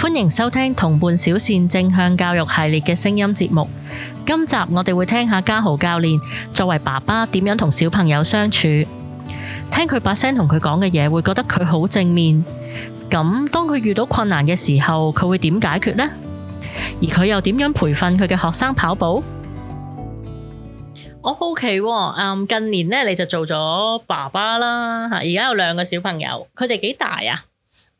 歡迎收聽同伴小善正向教育系列嘅聲音節目。今集我哋會聽下家豪教練作為爸爸點樣同小朋友相處，聽佢把聲同佢講嘅嘢，會覺得佢好正面。咁當佢遇到困難嘅時候，佢會點解決呢？而佢又點樣培訓佢嘅學生跑步？我、哦、好奇、哦，誒，近年呢你就做咗爸爸啦，而家有兩個小朋友，佢哋幾大啊？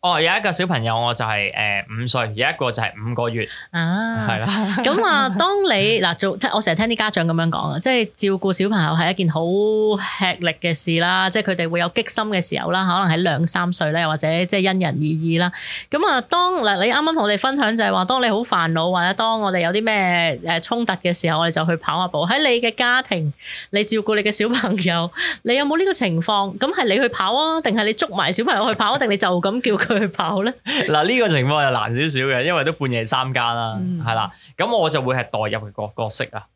哦，有一個小朋友我就係誒五歲，有一個就係五個月，啊，係啦是的。咁啊，當你嗱做，我成日聽啲家長咁樣講啊，即係照顧小朋友係一件好吃力嘅事啦，即係佢哋會有激心嘅時候啦，可能喺兩三歲咧，或者即係因人而異啦。咁啊，當嗱你啱啱同我哋分享就係話，當你好煩惱或者當我哋有啲咩誒衝突嘅時候，我哋就去跑下步。喺你嘅家庭，你照顧你嘅小朋友，你有冇呢個情況？咁係你去跑啊，定係你捉埋小朋友去跑，定你就咁叫佢？ 去跑咧，嗱 呢個情況就難少少嘅，因為都半夜三更啦，係啦、嗯，咁我就會係代入個角色啊，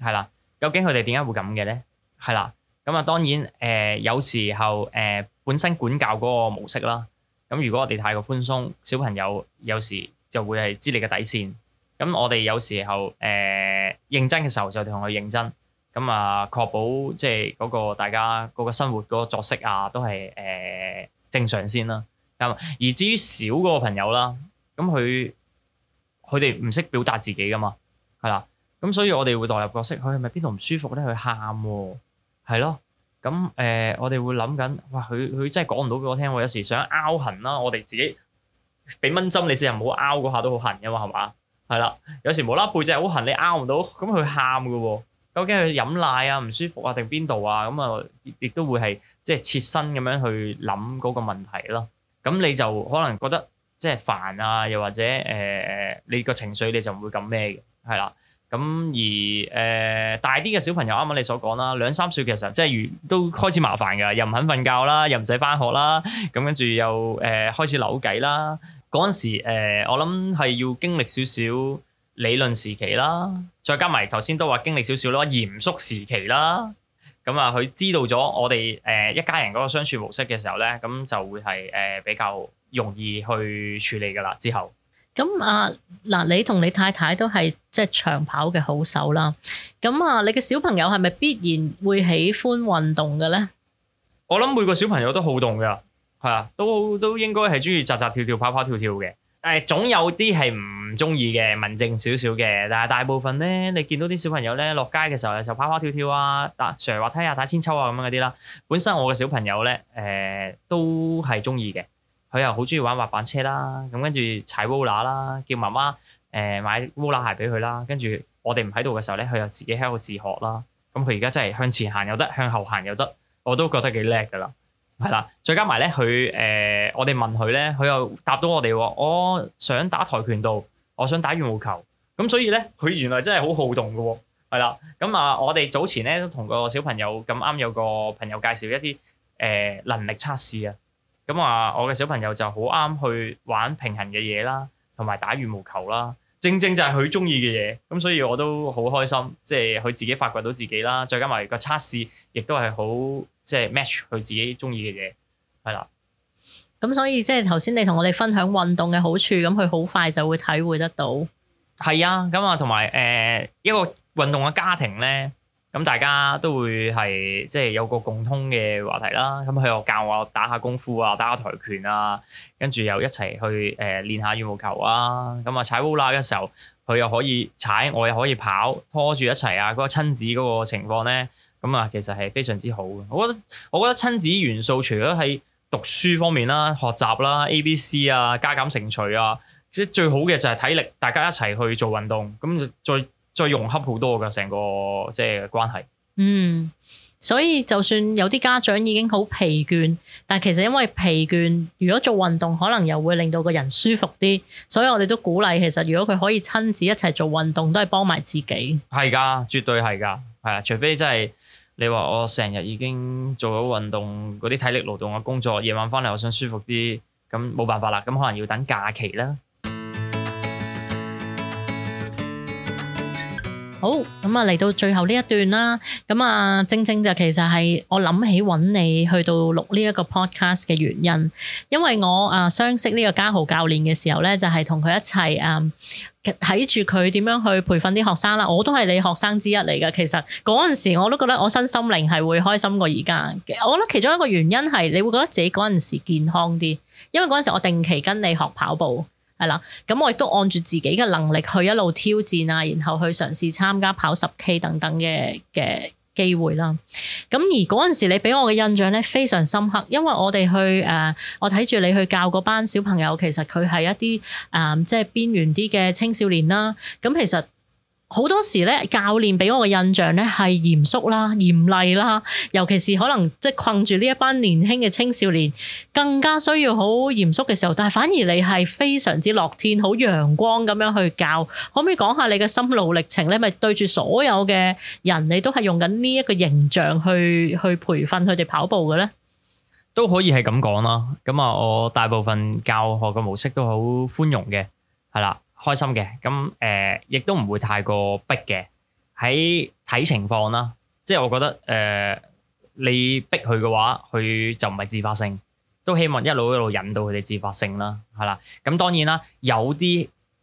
係啦，究竟佢哋點解會咁嘅咧？係啦，咁啊當然誒、呃，有時候誒、呃、本身管教嗰個模式啦，咁如果我哋太過寬鬆，小朋友有時就會係知你嘅底線，咁我哋有時候誒、呃、認真嘅時候就同佢認真，咁啊確保即係嗰個大家嗰個生活嗰個作息啊都係誒、呃、正常先啦。而至於少嗰個朋友啦，咁佢佢哋唔識表達自己噶嘛，係啦，咁所以我哋會代入角色，佢係咪邊度唔舒服咧？佢喊喎，係咯，咁誒、呃、我哋會諗緊，哇，佢佢真係講唔到俾我聽喎，有時想拗痕啦，我哋自己俾蚊針你試試，你成日唔好拗嗰下都好痕噶嘛，係嘛？係啦，有時冇啦背脊好痕，你拗唔到，咁佢喊噶喎，究竟佢飲奶啊唔舒服啊定邊度啊？咁、嗯、啊，亦都會係即係切身咁樣去諗嗰個問題咯、啊。咁你就可能覺得即係煩啊，又或者誒、呃、你個情緒你就唔會咁咩嘅，係啦。咁而誒、呃、大啲嘅小朋友，啱啱你所講啦，兩三歲嘅時候，即係如都開始麻煩㗎，又唔肯瞓覺啦，又唔使返學啦，咁跟住又誒、呃、開始扭計啦。嗰陣時、呃、我諗係要經歷少少理論時期啦，再加埋頭先都話經歷少少啦嚴肅時期啦。咁啊，佢知道咗我哋誒一家人嗰個相處模式嘅時候咧，咁就會係誒比較容易去處理噶啦。之後，咁啊嗱，你同你太太都係即係長跑嘅好手啦。咁啊，你嘅小朋友係咪必然會喜歡運動嘅咧？我諗每個小朋友都好動㗎，係啊，都都應該係中意扎扎跳跳、跑跑跳跳嘅。誒，總有啲係唔～唔中意嘅，文靜少少嘅，但係大部分咧，你見到啲小朋友咧落街嘅時候，就跑跑跳跳啊，打上滑梯啊，打千秋啊咁樣嗰啲啦。本身我嘅小朋友咧，誒、呃、都係中意嘅，佢又好中意玩滑板車啦，咁跟住踩 roller 啦，叫媽媽誒買 roller 鞋俾佢啦，跟住我哋唔喺度嘅時候咧，佢又自己喺度自學啦。咁佢而家真係向前行又得，向後行又得，我都覺得幾叻㗎啦。係啦，再加埋咧，佢誒、呃、我哋問佢咧，佢又答到我哋話，我想打跆拳道。我想打羽毛球，咁所以咧，佢原來真係好好動㗎喎，係啦。咁啊，我哋早前咧都同個小朋友，咁啱有個朋友介紹一啲誒、呃、能力測試啊，咁啊，我嘅小朋友就好啱去玩平衡嘅嘢啦，同埋打羽毛球啦，正正就係佢中意嘅嘢，咁所以我都好開心，即係佢自己發掘到自己啦，再加埋個測試亦都係好即係、就是、match 佢自己中意嘅嘢，係啦。咁所以即係頭先你同我哋分享運動嘅好處，咁佢好快就會體會得到。係啊，咁啊，同埋誒一個運動嘅家庭咧，咁大家都會係即係有個共通嘅話題啦。咁佢又教我打下功夫啊，打下跆拳啊，跟住又一齊去誒、呃、練下羽毛球啊。咁啊，踩烏拉嘅時候，佢又可以踩，我又可以跑，拖住一齊啊。嗰、嗰個親子嗰個情況咧，咁啊，其實係非常之好嘅。我覺得我覺得親子元素，除咗係。讀書方面啦，學習啦，A、B、C 啊，加減乘除啊，即係最好嘅就係體力，大家一齊去做運動，咁就再再融洽好多嘅成個即係關係。嗯，所以就算有啲家長已經好疲倦，但係其實因為疲倦，如果做運動，可能又會令到個人舒服啲，所以我哋都鼓勵其實如果佢可以親自一齊做運動，都係幫埋自己。係噶，絕對係噶，係啊，除非真係。你話我成日已經做咗運動，嗰啲體力勞動嘅工作，夜晚翻嚟我想舒服啲，咁冇辦法啦，咁可能要等假期啦。好，咁啊嚟到最後呢一段啦，咁啊正正就其實係我諗起揾你去到錄呢一個 podcast 嘅原因，因為我啊相識呢個家豪教練嘅時候呢，就係同佢一齊啊睇住佢點樣去培訓啲學生啦，我都係你學生之一嚟㗎。其實嗰陣時我都覺得我身心靈係會開心過而家。我覺得其中一個原因係你會覺得自己嗰陣時健康啲，因為嗰陣時我定期跟你學跑步。係啦，咁我亦都按住自己嘅能力去一路挑戰啊，然後去嘗試參加跑十 K 等等嘅嘅機會啦。咁而嗰陣時你俾我嘅印象咧非常深刻，因為我哋去誒、呃，我睇住你去教嗰班小朋友，其實佢係一啲誒、呃，即係邊緣啲嘅青少年啦。咁其實。好多時咧，教練俾我嘅印象咧係嚴肅啦、嚴厲啦，尤其是可能即係困住呢一班年輕嘅青少年，更加需要好嚴肅嘅時候。但係反而你係非常之樂天、好陽光咁樣去教。可唔可以講下你嘅心路歷程咧？咪對住所有嘅人，你都係用緊呢一個形象去去培訓佢哋跑步嘅咧？都可以係咁講啦。咁啊，我大部分教學嘅模式都好寬容嘅，係啦。開心嘅，咁誒、呃、亦都唔會太過逼嘅，喺睇情況啦，即係我覺得誒、呃、你逼佢嘅話，佢就唔係自發性，都希望一路一路引導佢哋自發性啦，係啦，咁當然啦，有啲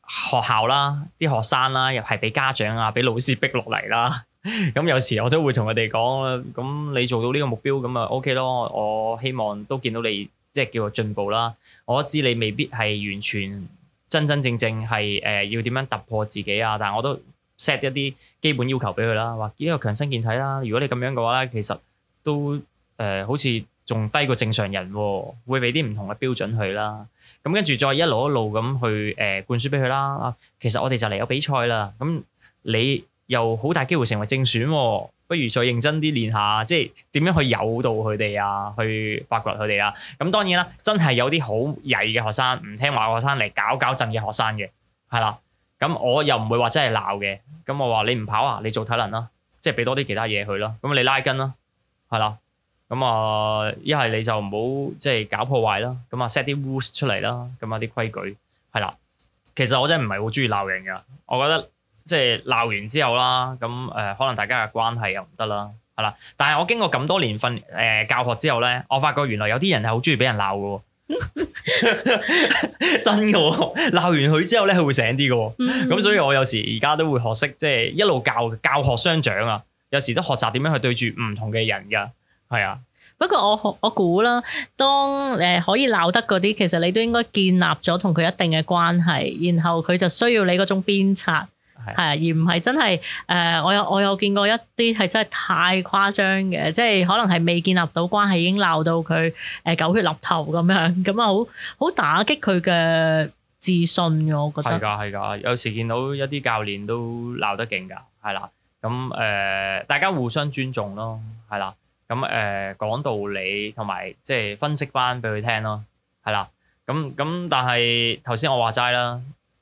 學校啦，啲學生啦，又係俾家長啊，俾老師逼落嚟啦，咁 有時我都會同佢哋講，咁你做到呢個目標，咁啊 OK 咯，我希望都見到你即係叫做進步啦，我都知你未必係完全。真真正正係誒、呃、要點樣突破自己啊！但係我都 set 一啲基本要求俾佢啦，話呢個強身健體啦。如果你咁樣嘅話咧，其實都誒、呃、好似仲低過正常人喎，會俾啲唔同嘅標準佢啦。咁跟住再一路一路咁去誒、呃、灌輸俾佢啦。其實我哋就嚟有比賽啦，咁你又好大機會成為正選喎，啊。不如再認真啲練下，即係點樣去誘導佢哋啊，去發掘佢哋啊。咁當然啦，真係有啲好曳嘅學生，唔聽話嘅學生，嚟搞搞震嘅學生嘅，係啦。咁我又唔會話真係鬧嘅。咁我話你唔跑啊，你做體能啦，即係俾多啲其他嘢佢咯。咁你拉筋咯，係啦。咁啊，一係你就唔好即係搞破壞啦。咁啊 set 啲 rules 出嚟啦，咁啊啲規矩係啦。其實我真係唔係好中意鬧人嘅，我覺得。即係鬧完之後啦，咁誒、呃、可能大家嘅關係又唔得啦，係啦。但係我經過咁多年訓誒、呃、教學之後咧，我發覺原來有啲人係好中意俾人鬧嘅， 真嘅喎、哦！鬧完佢之後咧，佢會醒啲嘅，咁、嗯、所以我有時而家都會學識即係一路教教學相長啊，有時都學習點樣去對住唔同嘅人嘅，係啊。不過我我估啦，當誒可以鬧得嗰啲，其實你都應該建立咗同佢一定嘅關係，然後佢就需要你嗰種鞭策，係啊，而唔係真係誒、呃，我有我有見過一啲係真係太誇張嘅，即係可能係未建立到關係已經鬧到佢誒狗血淋頭咁樣，咁啊好好打擊佢嘅自信嘅，我覺得係㗎係㗎，有時見到一啲教練都鬧得勁㗎，係啦，咁誒、呃、大家互相尊重咯，係啦，咁誒、呃、講道理同埋即係分析翻俾佢聽咯，係啦，咁咁但係頭先我話齋啦。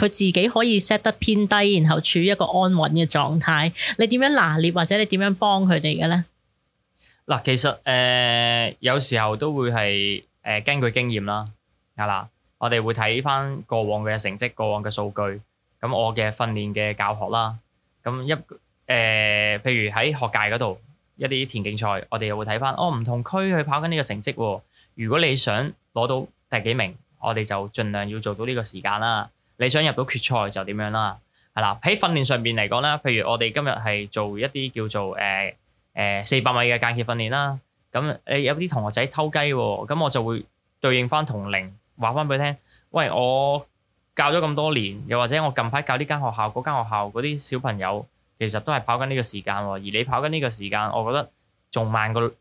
佢自己可以 set 得偏低，然後處於一個安穩嘅狀態。你點樣拿捏或者你點樣幫佢哋嘅咧？嗱，其實誒、呃、有時候都會係誒、呃、根據經驗啦，係啦，我哋會睇返過往嘅成績、過往嘅數據。咁我嘅訓練嘅教學啦，咁一誒，譬、呃、如喺學界嗰度一啲田徑賽，我哋又會睇返哦，唔同區去跑緊呢個成績，啊。如果你想攞到第幾名，我哋就盡量要做到呢個時間啦。你想入到決賽就點樣啦？係啦，喺訓練上面嚟講啦。譬如我哋今日係做一啲叫做誒誒四百米嘅間歇訓練啦。咁你有啲同學仔偷雞喎，咁我就會對應翻同齡話翻俾佢聽。喂，我教咗咁多年，又或者我近排教呢間學校嗰間學校嗰啲小朋友，其實都係跑緊呢個時間喎。而你跑緊呢個時間，我覺得仲慢過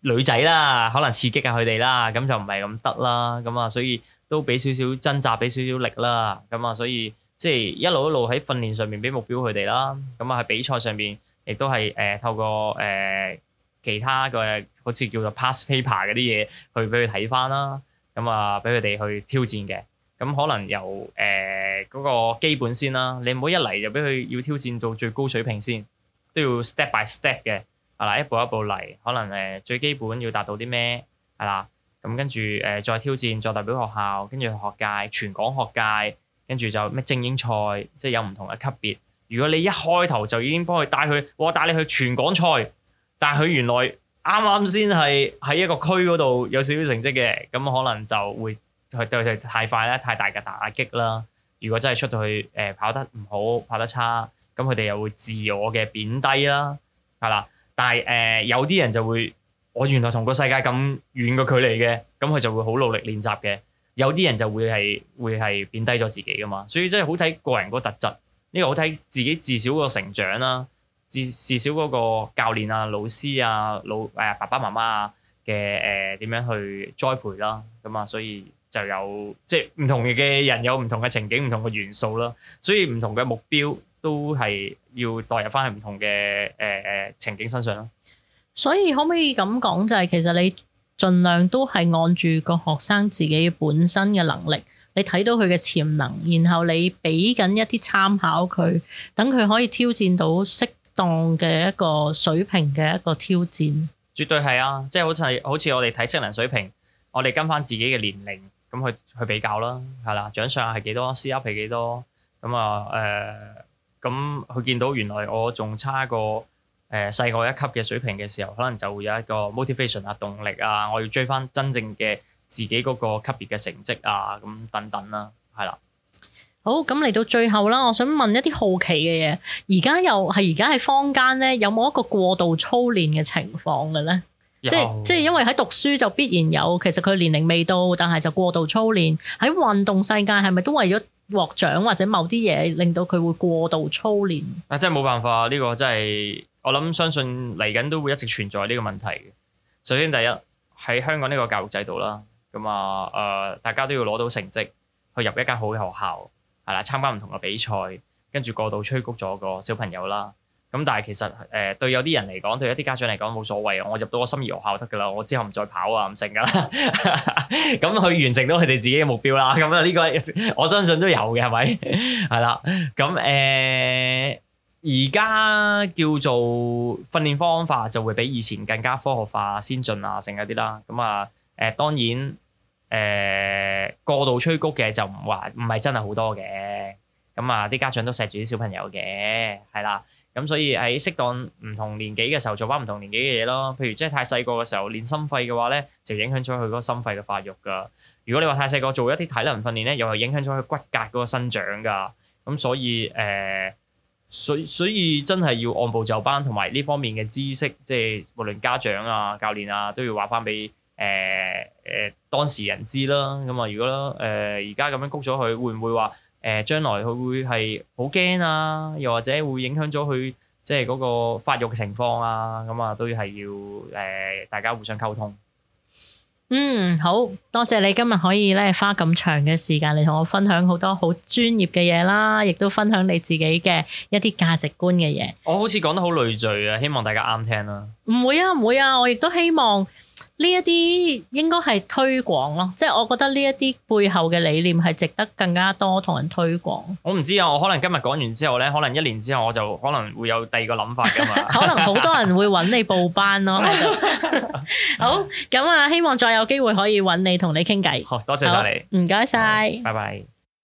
女仔啦，可能刺激下佢哋啦，咁就唔係咁得啦。咁啊，所以。都俾少少掙扎，俾少少力啦，咁啊，所以即係、就是、一路一路喺訓練上面俾目標佢哋啦，咁啊喺比賽上面亦都係誒、呃、透過誒、呃、其他嘅好似叫做 past paper 嗰啲嘢去俾佢睇返啦，咁啊俾佢哋去挑戰嘅，咁可能由誒嗰、呃那個基本先啦，你唔好一嚟就俾佢要挑戰到最高水平先，都要 step by step 嘅，係啦，一步一步嚟，可能誒、呃、最基本要達到啲咩係啦。咁跟住誒，再挑戰，再代表學校，跟住學界，全港學界，跟住就咩精英賽，即係有唔同嘅級別。如果你一開頭就已經幫佢帶去，我帶你去全港賽，但係佢原來啱啱先係喺一個區嗰度有少少成績嘅，咁可能就會佢對佢太快啦，太大嘅打擊啦。如果真係出到去誒跑得唔好，跑得差，咁佢哋又會自我嘅貶低啦，係啦。但係誒、呃、有啲人就會。我原來同個世界咁遠嘅距離嘅，咁佢就會好努力練習嘅。有啲人就會係會係貶低咗自己噶嘛，所以真係好睇個人個特質。呢個好睇自己至少個成長啦，至至少嗰個教練啊、老師老啊、老誒爸爸媽媽啊嘅誒點樣去栽培啦，咁、呃、啊，所以就有即係唔同嘅人有唔同嘅情景、唔同嘅元素啦，所以唔同嘅目標都係要代入翻喺唔同嘅誒誒情景身上咯。所以可唔可以咁講就係、是，其實你盡量都係按住個學生自己本身嘅能力，你睇到佢嘅潛能，然後你俾緊一啲參考佢，等佢可以挑戰到適當嘅一個水平嘅一個挑戰。絕對係啊，即、就、係、是、好似好似我哋睇適能水平，我哋跟翻自己嘅年齡咁去去比較啦，係啦，獎項係幾多，CRP 幾多，咁啊，誒、呃，咁佢見到原來我仲差過，誒細個一級嘅水平嘅時候，可能就會有一個 motivation 啊、動力啊，我要追翻真正嘅自己嗰個級別嘅成績啊，咁等等啦、啊，係啦。好，咁嚟到最後啦，我想問一啲好奇嘅嘢。而家又係而家喺坊間咧，有冇一個過度操練嘅情況嘅咧？有？即係即係因為喺讀書就必然有，其實佢年齡未到，但係就過度操練喺運動世界，係咪都為咗獲獎或者某啲嘢，令到佢會過度操練？啊，真係冇辦法，呢、呢個真係。我諗相信嚟緊都會一直存在呢個問題嘅。首先第一喺香港呢個教育制度啦，咁啊，誒、呃，大家都要攞到成績去入一間好嘅學校，係啦，參加唔同嘅比賽，跟住過度催谷咗個小朋友啦。咁但係其實誒、呃，對有啲人嚟講，對一啲家長嚟講冇所謂，我入到個心儀學校得噶啦，我之後唔再跑啊，唔剩噶啦。咁佢 完成到佢哋自己嘅目標啦。咁啊，呢、這個我相信都有嘅，係咪？係 啦，咁、呃、誒。而家叫做訓練方法就會比以前更加科學化、先進啊，剩一啲啦。咁啊，誒當然誒、呃、過度催谷嘅就唔話，唔係真係好多嘅。咁啊，啲家長都錫住啲小朋友嘅，係啦。咁所以喺適當唔同年紀嘅時候做返唔同年紀嘅嘢咯。譬如即係太細個嘅時候練心肺嘅話咧，就影響咗佢嗰個心肺嘅發育㗎。如果你話太細個做一啲體能訓練咧，又係影響咗佢骨骼嗰個生長㗎。咁所以誒。呃所所以真係要按部就班，同埋呢方面嘅知識，即係無論家長啊、教練啊，都要話翻俾誒誒當事人知啦。咁啊，如果誒而家咁樣谷咗佢，會唔會話誒、呃、將來佢會係好驚啊？又或者會影響咗佢即係嗰個發育嘅情況啊？咁啊，都係要誒大家互相溝通。嗯，好多謝你今日可以咧花咁長嘅時間嚟，同我分享好多好專業嘅嘢啦，亦都分享你自己嘅一啲價值觀嘅嘢。我好似講得好累贅啊，希望大家啱聽啦。唔會啊，唔會啊，我亦都希望。呢一啲應該係推廣咯，即係我覺得呢一啲背後嘅理念係值得更加多同人推廣。我唔知啊，我可能今日講完之後咧，可能一年之後我就可能會有第二個諗法噶嘛。 可能好多人會揾你報班咯。 好，咁啊，希望再有機會可以揾你同你傾偈。好多謝晒你，唔該晒，拜拜。Bye bye.